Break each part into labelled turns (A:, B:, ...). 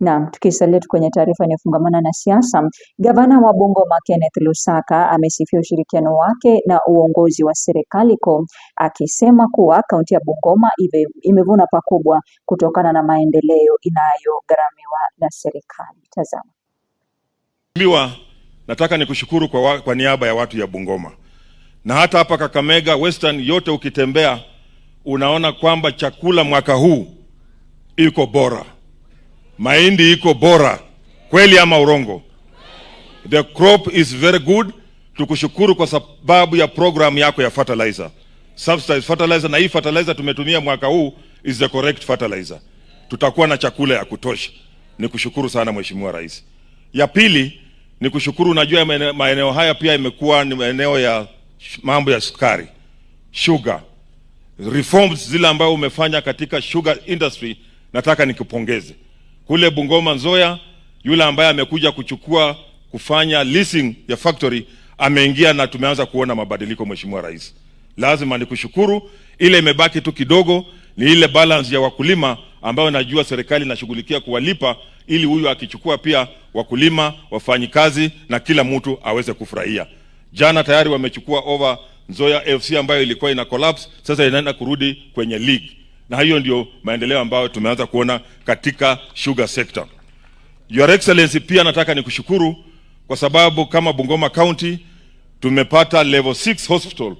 A: Na tukisalia tu kwenye taarifa inayofungamana na siasa, gavana wa Bungoma Kenneth Lusaka amesifia ushirikiano wake na uongozi wa serikali ko akisema kuwa kaunti ya Bungoma imevuna pakubwa kutokana na maendeleo inayogharamiwa na serikali. Tazama.
B: Mheshimiwa, nataka nikushukuru kwa, kwa niaba ya watu ya Bungoma na hata hapa Kakamega Western yote ukitembea unaona kwamba chakula mwaka huu iko bora mahindi iko bora kweli ama urongo? The crop is very good. Tukushukuru kwa sababu ya program yako ya fertilizer subsidized fertilizer, na hii fertilizer tumetumia mwaka huu is the correct fertilizer. Tutakuwa na chakula ya kutosha. Nikushukuru sana Mheshimiwa Rais. Ya pili ni kushukuru, najua maeneo haya pia imekuwa ni maeneo ya mambo ya sukari, sugar reforms zile ambayo umefanya katika sugar industry, nataka nikupongeze kule Bungoma Nzoya, yule ambaye amekuja kuchukua kufanya leasing ya factory ameingia na tumeanza kuona mabadiliko. Mheshimiwa Rais, lazima nikushukuru. Ile imebaki tu kidogo ni ile balance ya wakulima ambayo najua serikali inashughulikia kuwalipa, ili huyu akichukua pia wakulima, wafanyikazi na kila mtu aweze kufurahia. Jana tayari wamechukua over Nzoya FC ambayo ilikuwa ina collapse, sasa inaenda kurudi kwenye league na hiyo ndio maendeleo ambayo tumeanza kuona katika sugar sector. Your Excellency, pia nataka nikushukuru kwa sababu kama Bungoma County tumepata level 6 hospital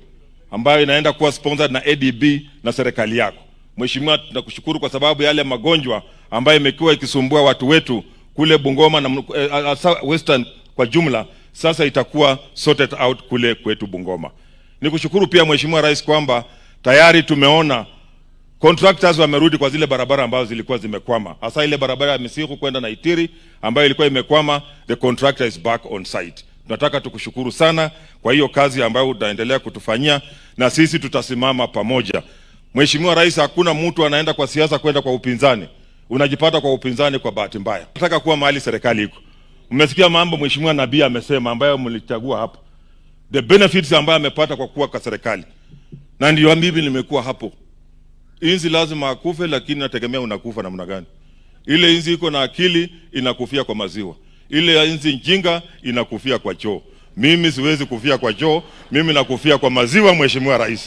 B: ambayo inaenda kuwa sponsored na ADB na serikali yako. Mheshimiwa, tunakushukuru kwa sababu yale magonjwa ambayo imekuwa ikisumbua watu wetu kule Bungoma na eh, eh, Western kwa jumla sasa itakuwa sorted out kule kwetu Bungoma. Nikushukuru pia Mheshimiwa Rais kwamba tayari tumeona Contractors wamerudi kwa zile barabara ambazo zilikuwa zimekwama, hasa ile barabara ya Misiku kwenda na Itiri ambayo ilikuwa imekwama. The contractor is back on site. Tunataka tukushukuru sana kwa hiyo kazi ambayo utaendelea kutufanyia, na sisi tutasimama pamoja. Mheshimiwa Rais, hakuna mtu anaenda kwa siasa kwenda kwa upinzani. Unajipata kwa upinzani kwa bahati mbaya. Nataka kuwa mahali serikali iko. Umesikia mambo Mheshimiwa Nabii amesema, ambayo mlichagua hapa, the benefits ambayo amepata kwa kuwa kwa serikali, na ndio mimi nimekuwa hapo. Inzi lazima akufe, lakini nategemea unakufa namna gani. Ile inzi iko na akili inakufia kwa maziwa, ile inzi njinga inakufia kwa choo. Mimi siwezi kufia kwa choo, mimi nakufia kwa maziwa, Mheshimiwa Rais.